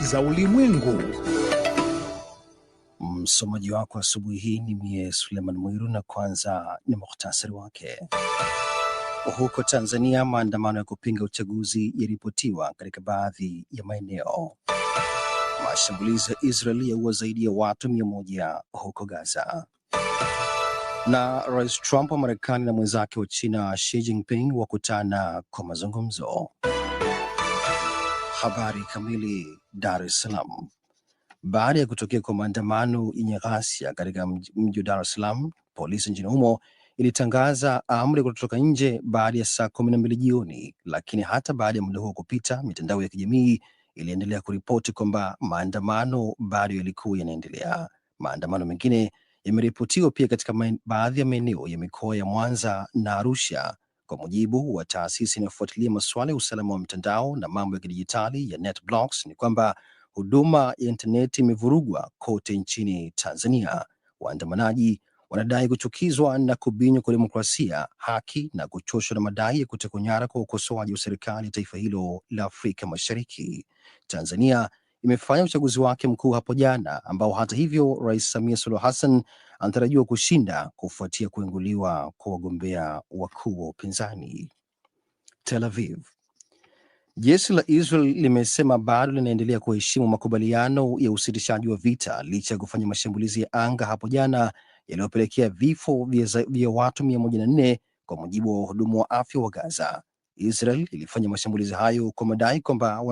za ulimwengu. Msomaji wako asubuhi hii ni mie Suleiman Mwiru, na kwanza ni muhtasari wake. Huko Tanzania, maandamano ya kupinga uchaguzi yaripotiwa katika baadhi ya maeneo. Mashambulizi ya israel yaua zaidi ya watu mia moja huko Gaza. Na Rais Trump wa Marekani na mwenzake wa China Xi Jinping wakutana kwa mazungumzo. Habari kamili. Dar es Salaam. Baada ya kutokea kwa maandamano yenye ghasia katika mji wa Dar es Salaam, polisi nchini humo ilitangaza amri ya kutotoka nje baada ya saa kumi na mbili jioni, lakini hata baada ya muda huo kupita, mitandao ya kijamii iliendelea kuripoti kwamba maandamano bado yalikuwa yanaendelea. Maandamano mengine yameripotiwa pia katika baadhi ya maeneo ya mikoa ya Mwanza na Arusha kwa mujibu wa taasisi inayofuatilia masuala ya usalama wa mtandao na mambo ya kidijitali ya NetBlocks, ni kwamba huduma ya intaneti imevurugwa kote nchini Tanzania. Waandamanaji wanadai kuchukizwa na kubinywa kwa demokrasia, haki na kuchoshwa na madai ya kutekwa nyara kwa ukosoaji wa serikali ya taifa hilo la Afrika Mashariki. Tanzania imefanya uchaguzi wake mkuu hapo jana, ambao hata hivyo Rais Samia Suluhu Hassan anatarajiwa kushinda kufuatia kuinguliwa kwa wagombea wakuu wa upinzani. Tel Aviv. Jeshi la Israel limesema bado linaendelea kuheshimu makubaliano ya usitishaji wa vita licha ya kufanya mashambulizi ya anga hapo jana yaliyopelekea vifo vya watu nne kwa mujibu wa wahudumu wa afya wa Gaza. Israel ilifanya mashambulizi hayo kwa madai kwamba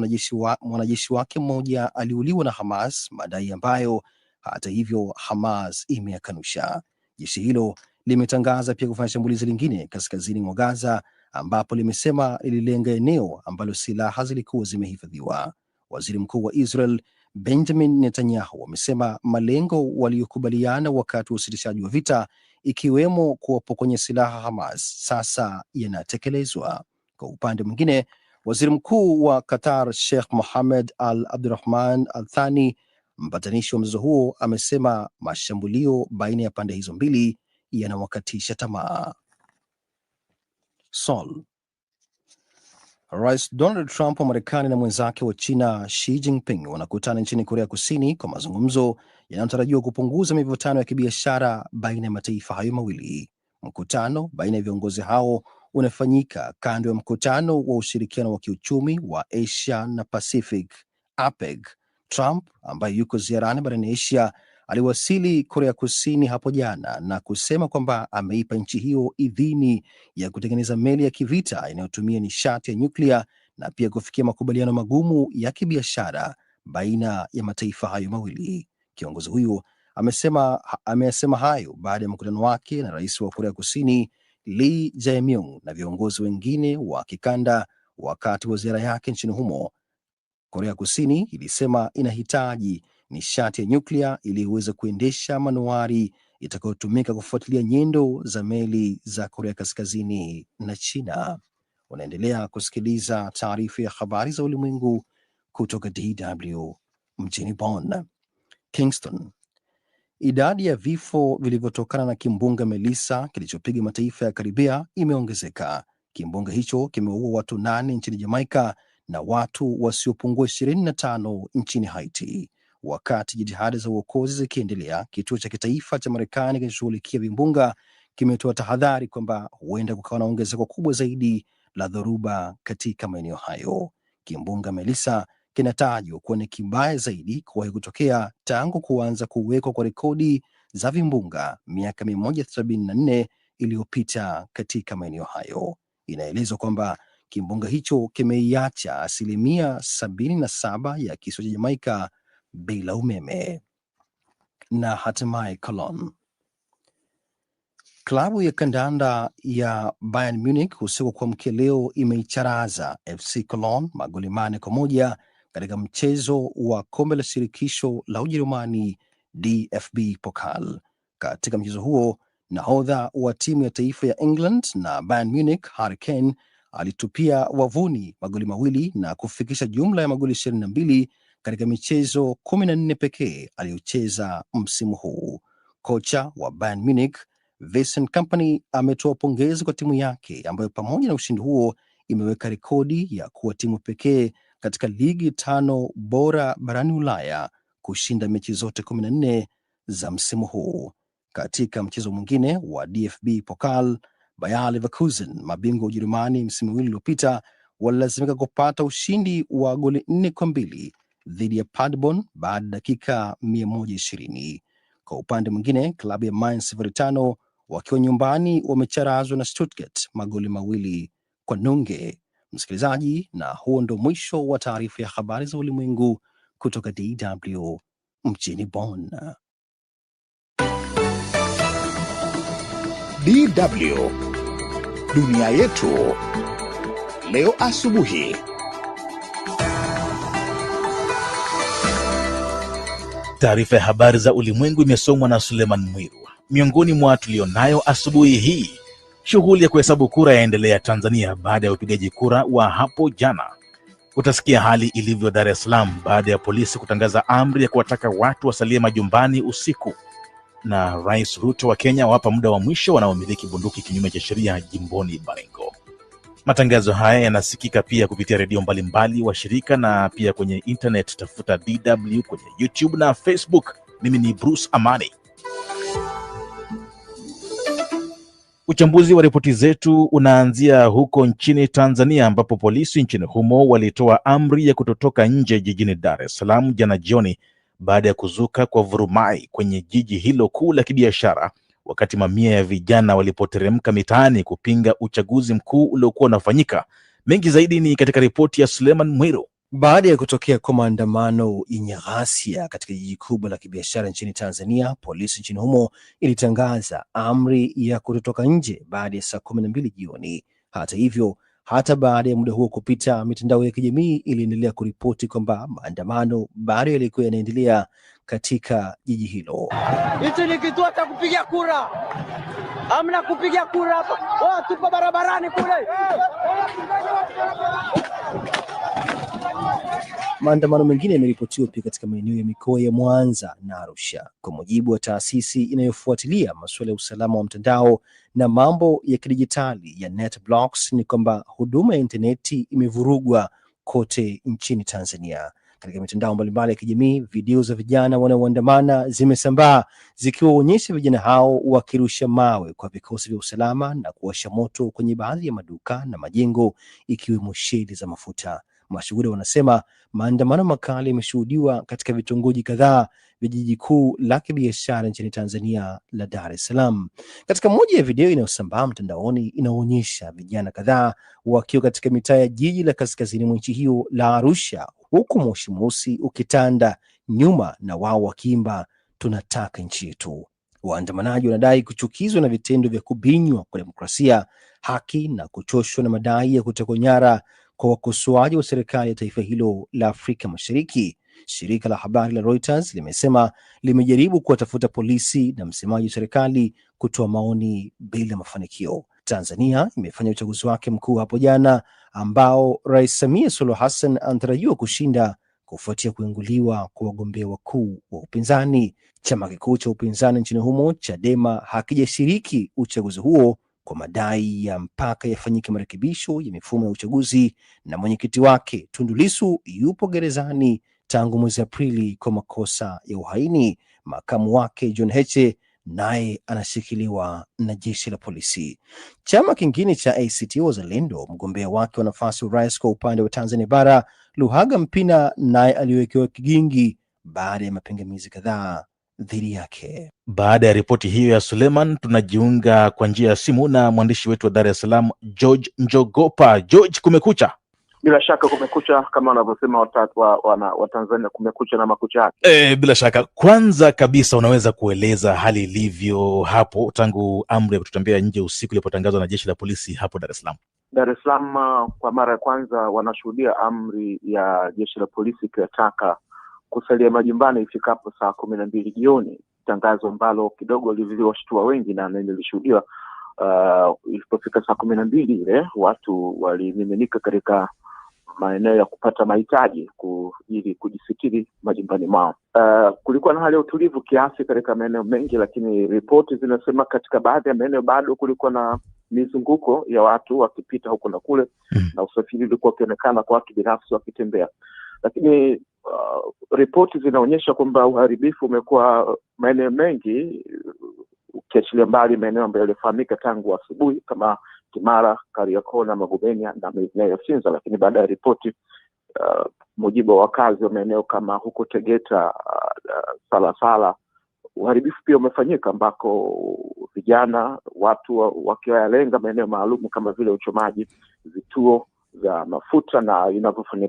mwanajeshi wake mmoja aliuliwa na Hamas, madai ambayo hata hivyo, Hamas imeakanusha Jeshi hilo limetangaza pia kufanya shambulizi lingine kaskazini mwa Gaza, ambapo limesema lililenga eneo ambalo silaha zilikuwa zimehifadhiwa. Waziri Mkuu wa Israel Benjamin Netanyahu amesema malengo waliokubaliana wakati wa usitishaji wa vita, ikiwemo kuwapokonya silaha Hamas, sasa yanatekelezwa. Kwa upande mwingine, waziri mkuu wa Qatar Sheikh Mohammed Al Abdurahman Al Thani Mpatanishi wa mzozo huo amesema mashambulio baina ya pande hizo mbili yanawakatisha tamaa. Sol. Rais Donald Trump wa Marekani na mwenzake wa China Xi Jinping wanakutana nchini Korea Kusini kwa mazungumzo yanayotarajiwa kupunguza mivutano ya kibiashara baina ya mataifa hayo mawili. Mkutano baina ya viongozi hao unafanyika kando ya mkutano wa ushirikiano wa kiuchumi wa Asia na Pacific APEC Trump ambaye yuko ziarani barani Asia aliwasili Korea Kusini hapo jana na kusema kwamba ameipa nchi hiyo idhini ya kutengeneza meli ya kivita inayotumia nishati ya nyuklia na pia kufikia makubaliano magumu ya kibiashara baina ya mataifa hayo mawili. Kiongozi huyu amesema, hayo baada ya mkutano wake na rais wa Korea Kusini Lee Jae-myung na viongozi wengine wa kikanda wakati wa ziara yake nchini humo Korea Kusini ilisema inahitaji nishati ya nyuklia ili iweze kuendesha manuari itakayotumika kufuatilia nyendo za meli za Korea Kaskazini na China. Unaendelea kusikiliza taarifa ya habari za ulimwengu kutoka DW mjini Bonn. Kingston, idadi ya vifo vilivyotokana na kimbunga Melissa kilichopiga mataifa ya Karibia imeongezeka. Kimbunga hicho kimeua watu nane nchini Jamaika na watu wasiopungua ishirini na tano nchini Haiti. Wakati jitihada za uokozi zikiendelea, kituo cha kitaifa cha Marekani kinachoshughulikia vimbunga kimetoa tahadhari kwamba huenda kukawa na ongezeko kubwa zaidi la dhoruba katika maeneo hayo. Kimbunga Melissa kinatajwa kuwa ni kibaya zaidi kuwahi kutokea tangu kuanza kuwekwa kwa rekodi za vimbunga miaka mia moja sabini na nne iliyopita katika maeneo hayo. Inaelezwa kwamba Kimbunga hicho kimeiacha asilimia sabini na saba ya kisiwa cha Jamaika bila umeme. Na hatimaye Cologne, klabu ya kandanda ya Bayern Munich usiku kwa kuamkia leo imeicharaza FC Cologne magoli mane kwa moja katika mchezo wa kombe la shirikisho la Ujerumani DFB Pokal. Katika mchezo huo nahodha wa timu ya taifa ya England na Bayern Munich Harry Kane alitupia wavuni magoli mawili na kufikisha jumla ya magoli ishirini na mbili katika michezo kumi na nne pekee aliyocheza msimu huu. Kocha wa Bayern Munich Vincent Kompany ametoa pongezi kwa timu yake ambayo pamoja na ushindi huo imeweka rekodi ya kuwa timu pekee katika ligi tano bora barani Ulaya kushinda mechi zote kumi na nne za msimu huu. Katika mchezo mwingine wa DFB Pokal, Bayer Leverkusen, mabingwa Ujerumani msimu miwili uliopita, walilazimika kupata ushindi wa goli nne kwa mbili dhidi ya Paderborn baada ya dakika 120. Kwa upande mwingine, klabu ya Mainz 05 wakiwa nyumbani wamecharazwa na Stuttgart magoli mawili kwa nunge. Msikilizaji, na huo ndo mwisho wa taarifa ya habari za ulimwengu kutoka DW mjini Bonn. DW dunia yetu leo asubuhi. Taarifa ya habari za ulimwengu imesomwa na Suleiman mwirwa Miongoni mwa tulionayo asubuhi hii, shughuli ya kuhesabu kura yaendelea Tanzania baada ya upigaji kura wa hapo jana. Utasikia hali ilivyo Dar es Salaam baada ya polisi kutangaza amri ya kuwataka watu wasalie majumbani usiku na Rais Ruto wa Kenya wapa muda wa mwisho wanaomiliki bunduki kinyume cha sheria jimboni Baringo. Matangazo haya yanasikika pia kupitia redio mbalimbali wa shirika na pia kwenye internet, tafuta DW kwenye YouTube na Facebook. Mimi ni Bruce Amani. Uchambuzi wa ripoti zetu unaanzia huko nchini Tanzania ambapo polisi nchini humo walitoa amri ya kutotoka nje jijini Dar es Salaam jana jioni baada ya kuzuka kwa vurumai kwenye jiji hilo kuu la kibiashara, wakati mamia ya vijana walipoteremka mitaani kupinga uchaguzi mkuu uliokuwa unafanyika. Mengi zaidi ni katika ripoti ya Suleiman Mwiro. Baada ya kutokea kwa maandamano yenye ghasia katika jiji kubwa la kibiashara nchini Tanzania, polisi nchini humo ilitangaza amri ya kutotoka nje baada ya saa kumi na mbili jioni. Hata hivyo, hata baada ya muda huo kupita, mitandao ya kijamii iliendelea kuripoti kwamba maandamano bado yalikuwa yanaendelea katika jiji hilo. Hichi ni kituo cha kupiga kura, amna kupiga kura hapa, tupo barabarani kule. Maandamano mengine yameripotiwa pia katika maeneo ya mikoa ya Mwanza na Arusha. Kwa mujibu wa taasisi inayofuatilia masuala ya usalama wa mtandao na mambo ya kidijitali ya NetBlocks ni kwamba huduma ya intaneti imevurugwa kote nchini Tanzania. Katika mitandao mbalimbali ya kijamii, video za vijana wanaoandamana zimesambaa zikiwaonyesha vijana hao wakirusha mawe kwa vikosi vya usalama na kuwasha moto kwenye baadhi ya maduka na majengo ikiwemo sheli za mafuta. Mashuhuda wanasema maandamano makali yameshuhudiwa katika vitongoji kadhaa vya jiji kuu la kibiashara nchini Tanzania la Dar es Salaam. Katika moja ya video inayosambaa mtandaoni inaonyesha vijana kadhaa wakiwa katika mitaa ya jiji la kaskazini mwa nchi hiyo la Arusha, huku moshi mweusi ukitanda nyuma na wao wakiimba tunataka nchi yetu. Waandamanaji wanadai kuchukizwa na vitendo vya kubinywa kwa demokrasia, haki na kuchoshwa na madai ya kutekwa nyara kwa wakosoaji wa serikali ya taifa hilo la Afrika Mashariki. Shirika la habari la Reuters limesema limejaribu kuwatafuta polisi na msemaji wa serikali kutoa maoni bila mafanikio. Tanzania imefanya uchaguzi wake mkuu hapo jana ambao Rais Samia Suluhu Hassan anatarajiwa kushinda kufuatia kuinguliwa kwa wagombea wakuu wa upinzani. Chama kikuu cha upinzani nchini humo Chadema hakijashiriki uchaguzi huo kwa madai ya mpaka yafanyike marekebisho ya mifumo ya uchaguzi, na mwenyekiti wake Tundu Lissu yupo gerezani tangu mwezi Aprili kwa makosa ya uhaini. Makamu wake John Heche naye anashikiliwa na jeshi la polisi. Chama kingine cha ACT Wazalendo, mgombea wake wa nafasi urais kwa upande wa Tanzania Bara, Luhaga Mpina, naye aliwekewa kigingi baada ya mapingamizi kadhaa dhidi yake. Baada ya ripoti hiyo ya Suleiman, tunajiunga kwa njia ya simu na mwandishi wetu wa Dar es Salaam, George Njogopa. George, kumekucha. Bila shaka kumekucha, kama wanavyosema watatu wa, wa Watanzania, kumekucha na makucha yake. E, bila shaka. Kwanza kabisa, unaweza kueleza hali ilivyo hapo tangu amri ya kututembea nje usiku ilipotangazwa na jeshi la polisi hapo Dar es Salaam? Dar es Salaam uh, kwa mara ya kwanza wanashuhudia amri ya jeshi la polisi ikiwataka kusalia majumbani ifikapo saa kumi na mbili jioni, tangazo ambalo kidogo liliwashtua wengi na lilishuhudiwa. Uh, ilipofika saa kumi na mbili ile watu walimiminika katika maeneo ya kupata mahitaji ku, ili kujisikiri majumbani mwao. Uh, kulikuwa na hali ya utulivu kiasi katika maeneo mengi, lakini ripoti zinasema katika baadhi ya maeneo bado kulikuwa na mizunguko ya watu wakipita huku na kule mm. na usafiri ulikuwa ukionekana kwa watu binafsi wakitembea, lakini uh, ripoti zinaonyesha kwamba uharibifu umekuwa maeneo mengi, ukiachilia mbali maeneo ambayo yalifahamika tangu asubuhi kama Kimara, Kariakoo na Magubenia na ya Sinza. Lakini baada ya ripoti uh, mujibu wa wakazi wa maeneo kama huko Tegeta, uh, Salasala, uharibifu pia umefanyika ambako vijana watu wakiwayalenga maeneo maalum kama vile uchomaji vituo vya mafuta na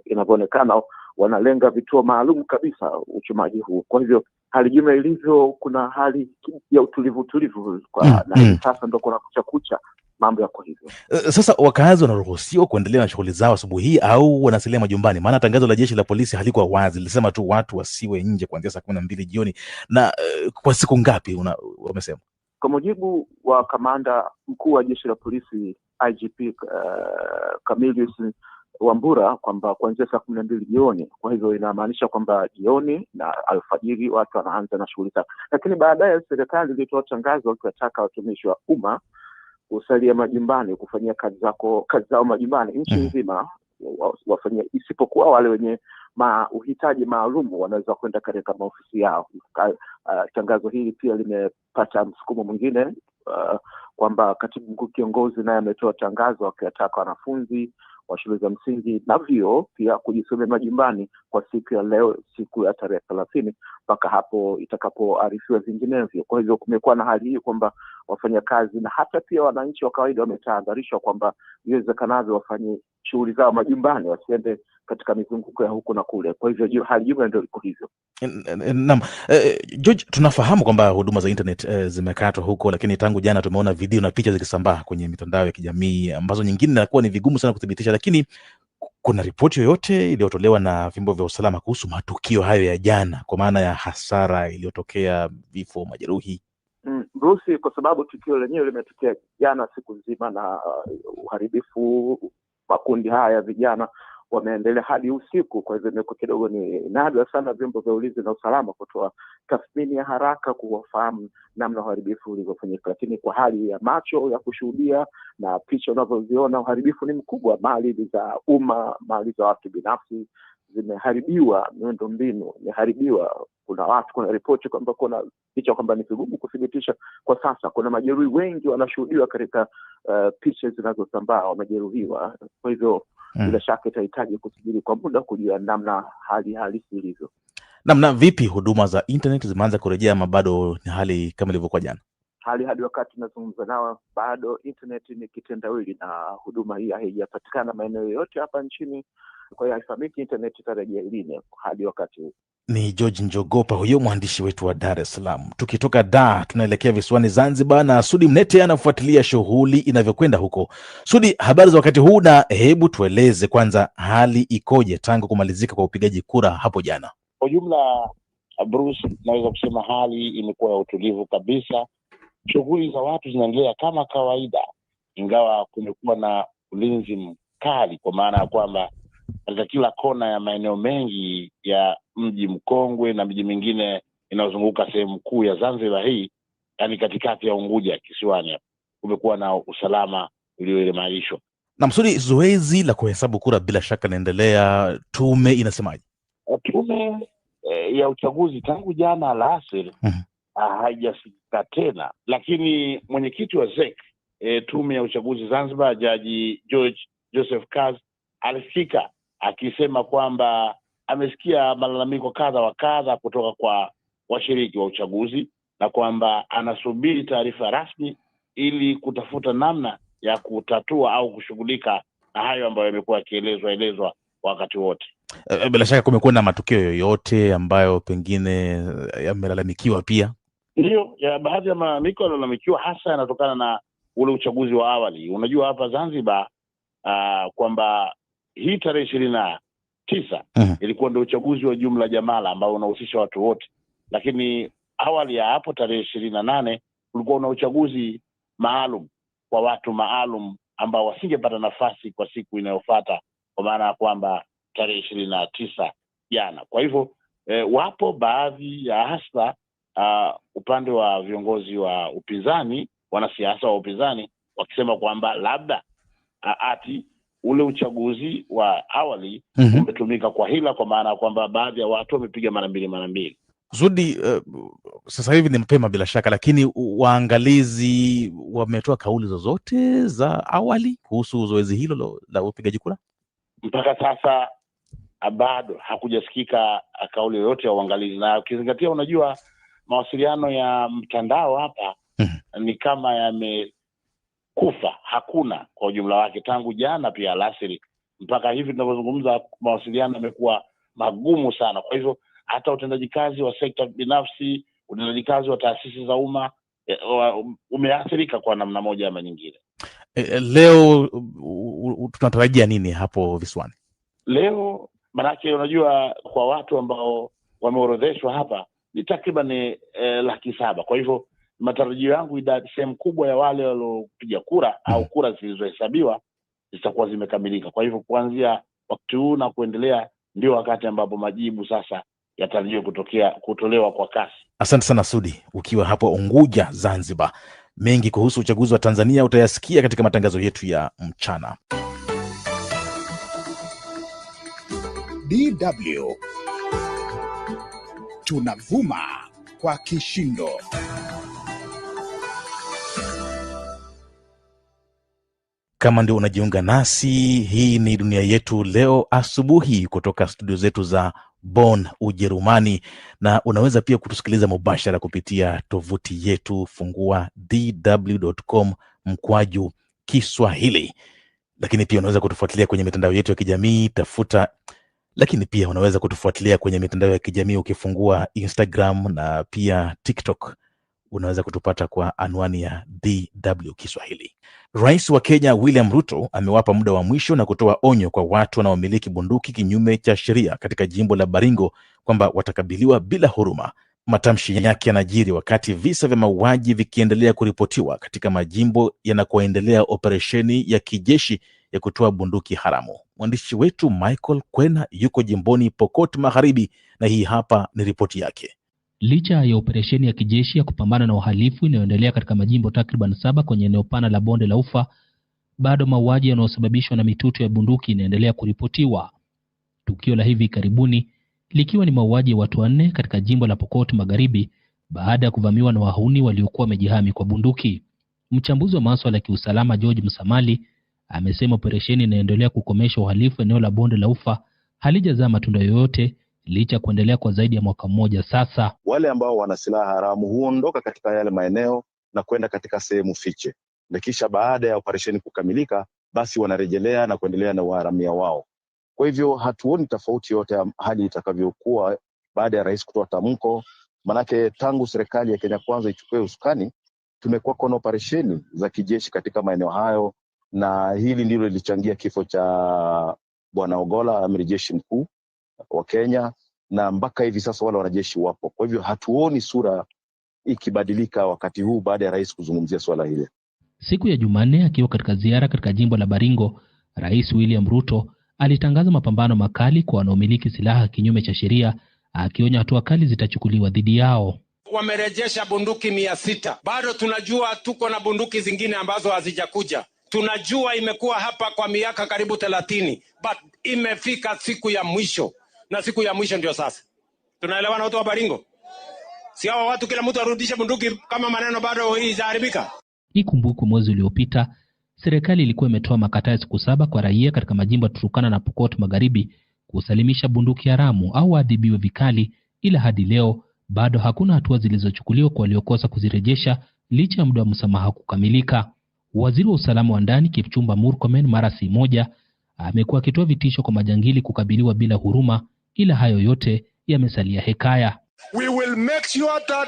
inavyoonekana wanalenga vituo maalum kabisa uchomaji huu. Kwa hivyo hali juma ilivyo, kuna hali ya utulivu utulivu kwa, mm, na mm. sasa ndo kuna kucha kucha mambo yako hivyo. Eh, eh, sasa wakazi wanaruhusiwa kuendelea na shughuli zao asubuhi hii au wanasalia majumbani? Maana tangazo la jeshi la polisi halikuwa wazi, lilisema tu watu wasiwe nje kuanzia saa kumi na mbili jioni. Na uh, kwa siku ngapi wamesema? Kwa mujibu wa kamanda mkuu wa jeshi la polisi IGP uh, Camillus Wambura kwamba kuanzia saa kumi na mbili jioni. Kwa hivyo inamaanisha kwamba jioni na alfajiri watu wanaanza na shughuli zao, lakini baadaye serikali ilitoa tangazo wakiwataka watumishi wa umma kusalia majumbani kufanyia kazi zako kazi zao majumbani nchi mhm. nzima wafanyia isipokuwa wale wenye ma uhitaji maalum wanaweza kwenda katika maofisi yao. Ka, uh, tangazo hili pia limepata msukumo mwingine uh, kwamba katibu mkuu kiongozi naye ametoa tangazo akiwataka wanafunzi wa shule za msingi na vyo pia kujisomea majumbani kwa siku ya leo, siku ya tarehe thelathini mpaka hapo itakapoarifiwa vinginevyo. Kwa hivyo kumekuwa na hali hii kwamba wafanyakazi na hata pia wananchi wa kawaida wametahadharishwa kwamba iwezekanavyo wafanye shughuli zao majumbani, wasiende katika mizunguko ya huku na kule. Kwa hivyo hali jumla ndio iko hivyo. Naam, eh, eh, George, tunafahamu kwamba huduma za internet eh, zimekatwa huko, lakini tangu jana tumeona video na picha zikisambaa kwenye mitandao ya kijamii ambazo nyingine inakuwa ni vigumu sana kuthibitisha, lakini kuna ripoti yoyote iliyotolewa na vyombo vya usalama kuhusu matukio hayo ya jana, kwa maana ya hasara iliyotokea, vifo, majeruhi? Mm, brusi kwa sababu tukio lenyewe limetokea jana siku nzima, na uh, uharibifu, makundi haya ya vijana wameendelea hadi usiku. Kwa hivyo imekuwa kidogo ni nadra sana vyombo vya ulinzi na usalama kutoa tathmini ya haraka kuwafahamu namna uharibifu ulivyofanyika, lakini kwa hali ya macho ya kushuhudia na picha unavyoziona, uharibifu ni mkubwa, mali za umma, mali za watu binafsi zimeharibiwa miundo mbinu imeharibiwa. Kuna watu, kuna ripoti kwamba kuna picha kwamba ni vigumu kuthibitisha kwa sasa. Kuna majeruhi wengi wanashuhudiwa katika uh, picha zinazosambaa wamejeruhiwa. Kwa hivyo hmm. bila hmm, shaka itahitaji kusubiri kwa muda kujua namna hali halisi ilivyo. Namna vipi huduma za internet zimeanza kurejea ama bado ni hali kama ilivyokuwa jana? Hali hadi wakati nazungumza nao bado internet ni kitendawili, na huduma hii haijapatikana maeneo yoyote hapa nchini kwa hiyo alfabeti intaneti itarejea iline hadi wakati huu. Ni George Njogopa huyo mwandishi wetu wa Dar es Salaam. Tukitoka da tunaelekea visiwani Zanzibar na Sudi Mnete anafuatilia shughuli inavyokwenda huko. Sudi, habari za wakati huu, na hebu tueleze kwanza hali ikoje tangu kumalizika kwa upigaji kura hapo jana? Kwa jumla, Bruce, naweza kusema hali imekuwa ya utulivu kabisa. Shughuli za watu zinaendelea kama kawaida, ingawa kumekuwa na ulinzi mkali, kwa maana ya kwamba katika kila kona ya maeneo mengi ya mji mkongwe na miji mingine inayozunguka sehemu kuu ya Zanzibar hii, yani katikati ya Unguja kisiwani kumekuwa na usalama ulioimarishwa. Na msuri, zoezi la kuhesabu kura bila shaka inaendelea, tume inasemaje? Eh, tume e, ya uchaguzi tangu jana alasiri mhm. haijasikika tena, lakini mwenyekiti wa ZEC e, eh, tume ya uchaguzi Zanzibar, Jaji George Joseph Kaz alifika akisema kwamba amesikia malalamiko kadha wa kadha kutoka kwa washiriki wa uchaguzi na kwamba anasubiri taarifa rasmi ili kutafuta namna ya kutatua au kushughulika na hayo ambayo yamekuwa yakielezwa elezwa wakati wote. Eh, eh, bila shaka kumekuwa na matukio yoyote ambayo pengine eh, yamelalamikiwa pia? Ndiyo, ya baadhi ya malalamiko yaliyolalamikiwa hasa yanatokana na ule uchaguzi wa awali. Unajua hapa Zanzibar uh, kwamba hii tarehe ishirini na tisa ilikuwa ndio uchaguzi wa jumla jamala ambao unahusisha watu wote, lakini awali ya hapo tarehe ishirini na nane ulikuwa una uchaguzi maalum kwa watu maalum ambao wasingepata nafasi kwa siku inayofata kwa maana ya kwamba tarehe ishirini na tisa jana. Kwa hivyo e, wapo baadhi ya hasa uh, upande wa viongozi wa upinzani, wanasiasa wa upinzani wakisema kwamba labda uh, ati ule uchaguzi wa awali mm -hmm. umetumika kwa hila, kwa maana ya kwamba baadhi ya watu wamepiga mara mbili mara mbili. Zudi, uh, sasa hivi ni mapema bila shaka, lakini waangalizi wametoa kauli zozote za awali kuhusu zoezi hilo lo, la upigaji kura? Mpaka sasa ah, bado hakujasikika ah, kauli yoyote ya uangalizi, na ukizingatia, unajua mawasiliano ya mtandao hapa mm -hmm. ni kama yame kufa hakuna kwa ujumla wake tangu jana pia alasiri mpaka hivi tunavyozungumza mawasiliano yamekuwa magumu sana kwa hivyo hata utendaji kazi wa sekta binafsi utendaji kazi wa taasisi za umma eh, umeathirika kwa namna moja ama nyingine e, leo tunatarajia nini hapo visiwani leo manake unajua kwa watu ambao wameorodheshwa hapa ni takriban e, laki saba kwa hivyo matarajio yangu idadi sehemu kubwa ya wale waliopiga kura mm. au kura zilizohesabiwa zitakuwa zimekamilika. Kwa hivyo kuanzia wakati huu na kuendelea ndio wakati ambapo majibu sasa yatarajiwa kutokea kutolewa kwa kasi. Asante sana Sudi, ukiwa hapo Unguja, Zanzibar. Mengi kuhusu uchaguzi wa Tanzania utayasikia katika matangazo yetu ya mchana. DW tunavuma kwa kishindo. Kama ndio unajiunga nasi, hii ni dunia yetu leo asubuhi kutoka studio zetu za bon Ujerumani, na unaweza pia kutusikiliza mubashara kupitia tovuti yetu, fungua dw.com mkwaju Kiswahili. Lakini pia unaweza kutufuatilia kwenye mitandao yetu ya kijamii, tafuta lakini pia unaweza kutufuatilia kwenye mitandao ya kijamii ukifungua Instagram na pia TikTok, unaweza kutupata kwa anwani ya DW Kiswahili. Rais wa Kenya William Ruto amewapa muda wa mwisho na kutoa onyo kwa watu wanaomiliki bunduki kinyume cha sheria katika jimbo la Baringo kwamba watakabiliwa bila huruma. Matamshi yake yanajiri wakati visa vya mauaji vikiendelea kuripotiwa katika majimbo yanakoendelea operesheni ya kijeshi ya kutoa bunduki haramu. Mwandishi wetu Michael Kwena yuko jimboni Pokot Magharibi na hii hapa ni ripoti yake. Licha ya operesheni ya kijeshi ya kupambana na uhalifu inayoendelea katika majimbo takriban saba kwenye eneo pana la bonde la Ufa, bado mauaji yanayosababishwa na mitutu ya bunduki inaendelea kuripotiwa, tukio la hivi karibuni likiwa ni mauaji ya watu wanne katika jimbo la Pokot Magharibi baada ya kuvamiwa na wahuni waliokuwa wamejihami kwa bunduki. Mchambuzi wa masuala ya kiusalama George Msamali amesema operesheni inayoendelea kukomesha uhalifu eneo la bonde la Ufa halijazaa matunda yoyote licha ya kuendelea kwa zaidi ya mwaka mmoja sasa. Wale ambao wana silaha haramu huondoka katika yale maeneo na kwenda katika sehemu fiche, na kisha baada ya operesheni kukamilika, basi wanarejelea na kuendelea na uharamia wao. Kwa hivyo hatuoni tofauti yote ya hali itakavyokuwa baada ya rais kutoa tamko, manake tangu serikali ya Kenya Kwanza ichukue usukani tumekuwa na operesheni za kijeshi katika maeneo hayo, na hili ndilo lilichangia kifo cha Bwana Ogola, amiri jeshi mkuu, wa Kenya na mpaka hivi sasa wale wanajeshi wapo. Kwa hivyo hatuoni sura ikibadilika wakati huu baada ya rais kuzungumzia swala hili. Siku ya Jumanne akiwa katika ziara katika jimbo la Baringo, Rais William Ruto alitangaza mapambano makali kwa wanaomiliki silaha kinyume cha sheria, akionya hatua kali zitachukuliwa dhidi yao. Wamerejesha bunduki mia sita. Bado tunajua tuko na bunduki zingine ambazo hazijakuja. Tunajua imekuwa hapa kwa miaka karibu thelathini, but imefika siku ya mwisho na siku ya mwisho ndio sasa. Tunaelewana watu wa Baringo? Si hawa watu kila mtu arudishe bunduki kama maneno bado zaharibika. Ikumbukwe mwezi uliopita serikali ilikuwa imetoa makataa ya siku saba kwa raia katika majimbo ya Turkana na Pokot Magharibi kusalimisha bunduki haramu au waadhibiwe vikali, ila hadi leo bado hakuna hatua zilizochukuliwa kwa waliokosa kuzirejesha licha ya muda wa msamaha kukamilika. Waziri wa usalama wa ndani Kipchumba Murkomen mara si moja amekuwa akitoa vitisho kwa majangili kukabiliwa bila huruma ila hayo yote yamesalia hekaya. We will make sure that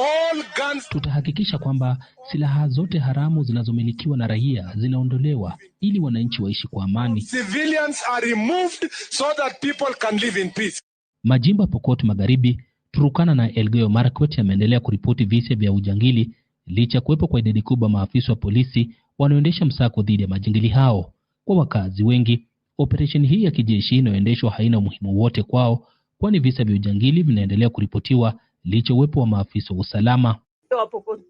all guns... tutahakikisha kwamba silaha zote haramu zinazomilikiwa na raia zinaondolewa ili wananchi waishi kwa amani. Civilians are removed so that people can live in peace. Majimbo ya Pokot Magharibi, Turukana na Elgeyo Marakwet yameendelea kuripoti visa vya ujangili licha kuwepo kwa idadi kubwa maafisa wa polisi wanaoendesha msako dhidi ya majingili hao. Kwa wakazi wengi, Operesheni hii ya kijeshi inayoendeshwa haina umuhimu wote kwao, kwani visa vya ujangili vinaendelea kuripotiwa licha uwepo wa maafisa wa usalama.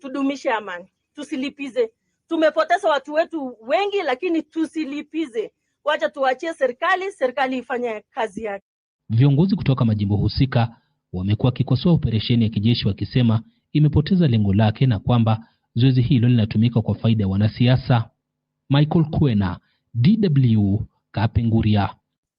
Tudumishe amani, tusilipize. Tumepoteza watu wetu wengi, lakini tusilipize. Wacha tuachie serikali, serikali ifanye kazi yake. Viongozi kutoka majimbo husika wamekuwa wakikosoa operesheni ya kijeshi wakisema imepoteza lengo lake na kwamba zoezi hilo linatumika kwa faida ya wanasiasa. Michael Kwena, DW Kaapingurya.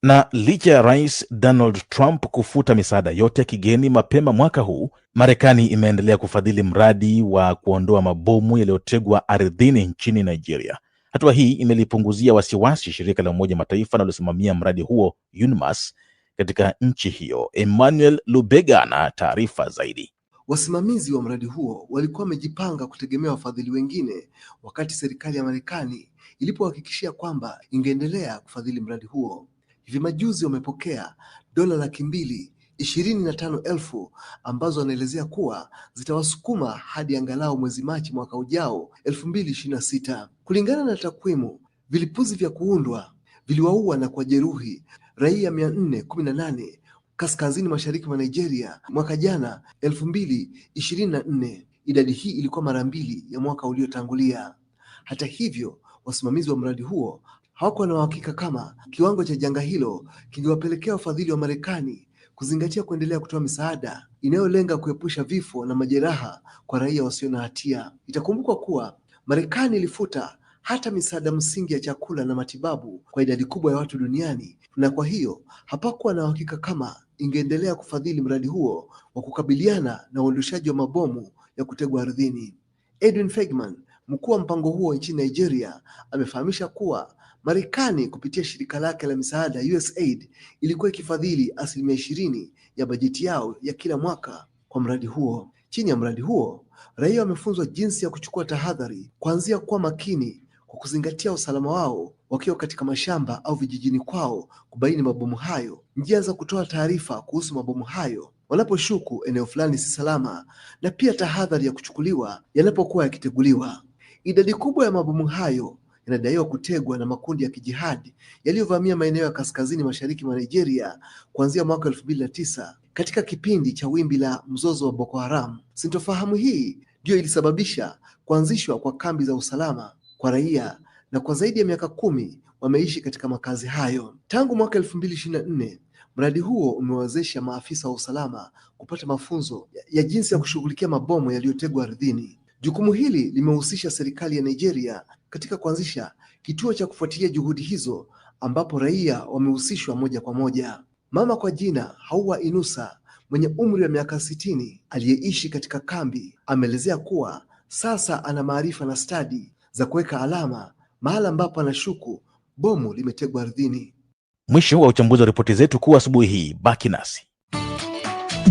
Na licha ya Rais Donald Trump kufuta misaada yote ya kigeni mapema mwaka huu, Marekani imeendelea kufadhili mradi wa kuondoa mabomu yaliyotegwa ardhini nchini Nigeria. Hatua hii imelipunguzia wasiwasi shirika la Umoja Mataifa linalosimamia mradi huo UNMAS katika nchi hiyo. Emmanuel Lubega na taarifa zaidi. Wasimamizi wa mradi huo walikuwa wamejipanga kutegemea wafadhili wengine, wakati serikali ya Marekani ilipohakikishia kwamba ingeendelea kufadhili mradi huo. Hivi majuzi wamepokea dola laki mbili ishirini na tano elfu ambazo wanaelezea kuwa zitawasukuma hadi angalau mwezi Machi mwaka ujao elfu mbili ishirini na sita. Kulingana na takwimu, vilipuzi vya kuundwa viliwaua na jeruhi raia mia nne kumi na nane kaskazini mashariki mwa Nigeria mwaka jana elfu mbili ishirini na nne. Idadi hii ilikuwa mara mbili ya mwaka uliotangulia. Hata hivyo wasimamizi wa mradi huo hawakuwa na uhakika kama kiwango cha janga hilo kingewapelekea wafadhili wa Marekani kuzingatia kuendelea kutoa misaada inayolenga kuepusha vifo na majeraha kwa raia wasio na hatia. Itakumbukwa kuwa Marekani ilifuta hata misaada msingi ya chakula na matibabu kwa idadi kubwa ya watu duniani, na kwa hiyo hapakuwa na uhakika kama ingeendelea kufadhili mradi huo wa kukabiliana na uondoshaji wa mabomu ya kutegwa ardhini. Edwin Fegman Mkuu wa mpango huo nchini Nigeria amefahamisha kuwa Marekani kupitia shirika lake la misaada USAID ilikuwa ikifadhili asilimia ishirini ya bajeti yao ya kila mwaka kwa mradi huo. Chini ya mradi huo, raia wamefunzwa jinsi ya kuchukua tahadhari, kuanzia kuwa makini kwa kuzingatia usalama wao wakiwa katika mashamba au vijijini kwao, kubaini mabomu hayo, njia za kutoa taarifa kuhusu mabomu hayo wanaposhuku eneo fulani si salama, na pia tahadhari ya kuchukuliwa yanapokuwa yakiteguliwa. Idadi kubwa ya mabomu hayo yanadaiwa kutegwa na makundi ya kijihadi yaliyovamia maeneo ya kaskazini mashariki mwa Nigeria kuanzia mwaka elfu mbili na tisa katika kipindi cha wimbi la mzozo wa Boko Haram. Sintofahamu hii ndiyo ilisababisha kuanzishwa kwa kambi za usalama kwa raia na kwa zaidi ya miaka kumi wameishi katika makazi hayo. Tangu mwaka elfu mbili ishirini na nne mradi huo umewawezesha maafisa wa usalama kupata mafunzo ya jinsi ya kushughulikia mabomu yaliyotegwa ardhini Jukumu hili limehusisha serikali ya Nigeria katika kuanzisha kituo cha kufuatilia juhudi hizo ambapo raia wamehusishwa moja kwa moja. Mama kwa jina Hauwa Inusa mwenye umri wa miaka sitini aliyeishi katika kambi ameelezea kuwa sasa ana maarifa na stadi za kuweka alama mahala ambapo anashuku bomu limetegwa ardhini. Mwisho wa uchambuzi wa ripoti zetu kuwa asubuhi hii, baki nasi.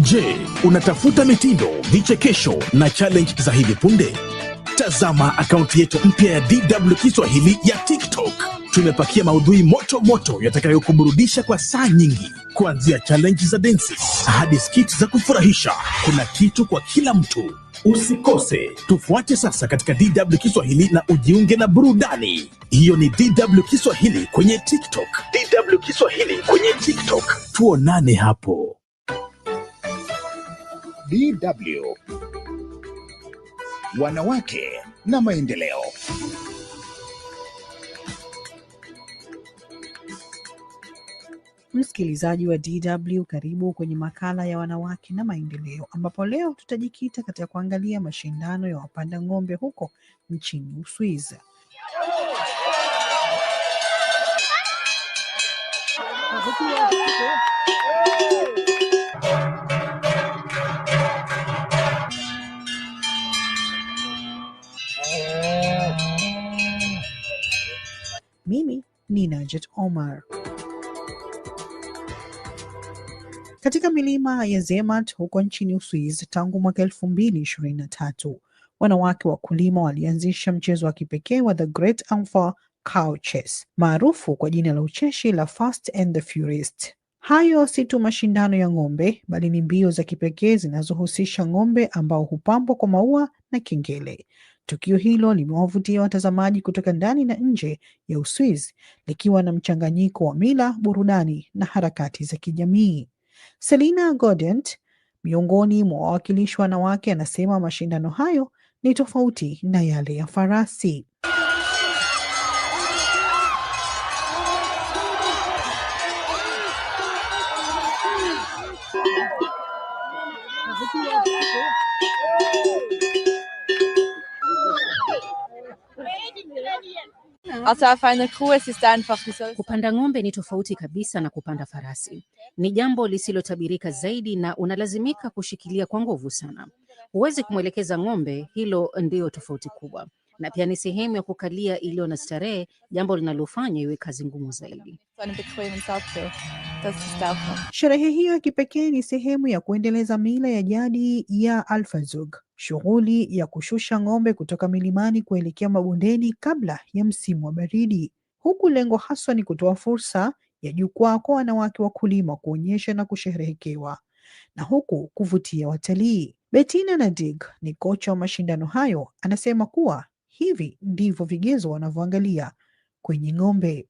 Je, unatafuta mitindo, vichekesho na challenge za hivi punde? Tazama akaunti yetu mpya ya DW Kiswahili ya TikTok. Tumepakia maudhui moto moto yatakayokuburudisha kwa saa nyingi, kuanzia challenge za densi hadi skit za kufurahisha. Kuna kitu kwa kila mtu, usikose. Tufuate sasa katika DW Kiswahili na ujiunge na burudani hiyo. Ni DW Kiswahili kwenye TikTok, DW Kiswahili kwenye TikTok. Tuonane hapo. DW wanawake na maendeleo. Msikilizaji wa DW, karibu kwenye makala ya wanawake na maendeleo, ambapo leo tutajikita katika kuangalia mashindano ya wapanda ng'ombe huko nchini Uswizi. Mimi ni Najet Omar. Katika milima ya Zermatt huko nchini Uswizi tangu mwaka 2023, wanawake wakulima walianzisha mchezo wa kipekee wa The Great Anfa Cow Chess maarufu kwa jina la ucheshi la Fast and the Furious. Hayo si tu mashindano ya ng'ombe, bali ni mbio za kipekee zinazohusisha ng'ombe ambao hupambwa kwa maua na kengele. Tukio hilo limewavutia watazamaji kutoka ndani na nje ya Uswizi likiwa na mchanganyiko wa mila, burudani na harakati za kijamii. Selina Godent, miongoni mwa wawakilishi wanawake, anasema mashindano hayo ni tofauti na yale ya farasi. Kupanda ng'ombe ni tofauti kabisa na kupanda farasi. Ni jambo lisilotabirika zaidi na unalazimika kushikilia kwa nguvu sana. Huwezi kumwelekeza ng'ombe, hilo ndiyo tofauti kubwa. Na pia ni sehemu ya kukalia iliyo na starehe, jambo linalofanya iwe kazi ngumu zaidi. Sherehe hiyo ya kipekee ni sehemu ya kuendeleza mila ya jadi ya Alfazug shughuli ya kushusha ng'ombe kutoka milimani kuelekea mabondeni kabla ya msimu wa baridi, huku lengo haswa ni kutoa fursa ya jukwaa kwa wanawake wakulima kuonyesha na kusherehekewa na huku kuvutia watalii. betina Nadig ni kocha wa mashindano hayo, anasema kuwa hivi ndivyo vigezo wanavyoangalia kwenye ng'ombe.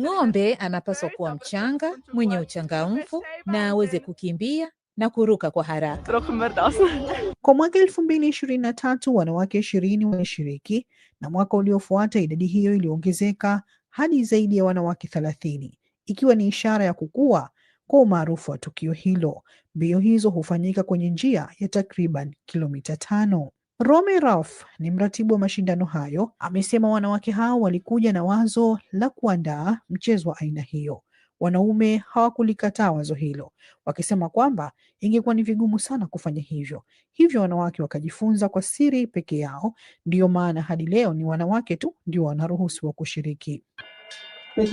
Ng'ombe anapaswa kuwa mchanga, mwenye uchangamfu na aweze kukimbia na kuruka kwa haraka. Kwa mwaka elfu mbili ishirini na tatu wanawake ishirini walishiriki na mwaka uliofuata idadi hiyo iliongezeka hadi zaidi ya wanawake thelathini ikiwa ni ishara ya kukua kwa umaarufu wa tukio hilo. Mbio hizo hufanyika kwenye njia ya takriban kilomita tano. Rome Rauf ni mratibu wa mashindano hayo, amesema wanawake hao walikuja na wazo la kuandaa mchezo wa aina hiyo Wanaume hawakulikataa wazo hilo, wakisema kwamba ingekuwa ni vigumu sana kufanya hivyo. Hivyo wanawake wakajifunza kwa siri peke yao. Ndiyo maana hadi leo ni wanawake tu ndio wanaruhusiwa kushiriki. Als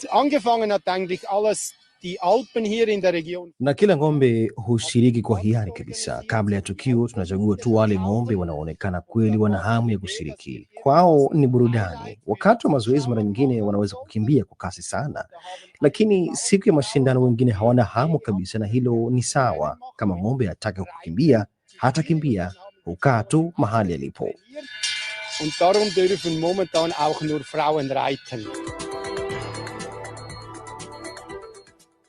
Sie angefangen hat eigentlich alles na kila ng'ombe hushiriki kwa hiari kabisa. Kabla ya tukio, tunachagua tu wale ng'ombe wanaoonekana kweli wana hamu ya kushiriki. Kwao ni burudani. Wakati wa mazoezi, mara nyingine wanaweza kukimbia kwa kasi sana, lakini siku ya mashindano wengine hawana hamu kabisa, na hilo ni sawa. Kama ng'ombe ataka kukimbia, hata kimbia hukaa tu mahali alipo. Und darum dürfen momentan auch nur Frauen reiten.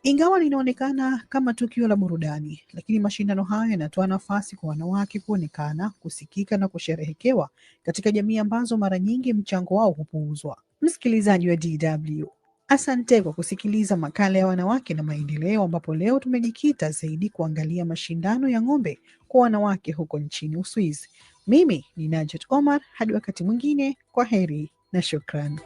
Ingawa linaonekana kama tukio la burudani, lakini mashindano hayo yanatoa nafasi kwa wanawake kuonekana, kusikika na kusherehekewa katika jamii ambazo mara nyingi mchango wao hupuuzwa. Msikilizaji wa DW, asante kwa kusikiliza makala ya wanawake na maendeleo, ambapo leo tumejikita zaidi kuangalia mashindano ya ng'ombe kwa wanawake huko nchini Uswizi. Mimi ni Najet Omar, hadi wakati mwingine, kwa heri na shukran.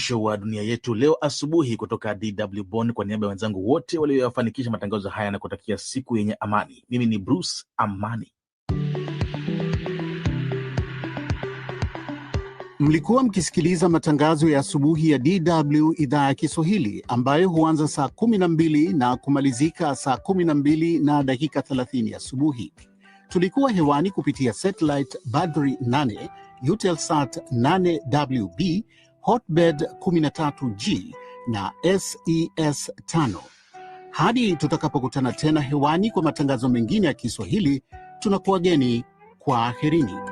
mwisho wa dunia yetu leo asubuhi kutoka DW Bonn. Kwa niaba ya wenzangu wote walioyafanikisha matangazo haya na kutakia siku yenye amani, mimi ni Bruce Amani. Mlikuwa mkisikiliza matangazo ya asubuhi ya DW idhaa ya Kiswahili ambayo huanza saa 12 na kumalizika saa 12 na dakika 30 asubuhi. Tulikuwa hewani kupitia satellite Badri 8 Utelsat 8 WB Hotbed 13G na SES 5. E Hadi tutakapokutana tena hewani kwa matangazo mengine ya Kiswahili, tunakuwageni kwa aherini.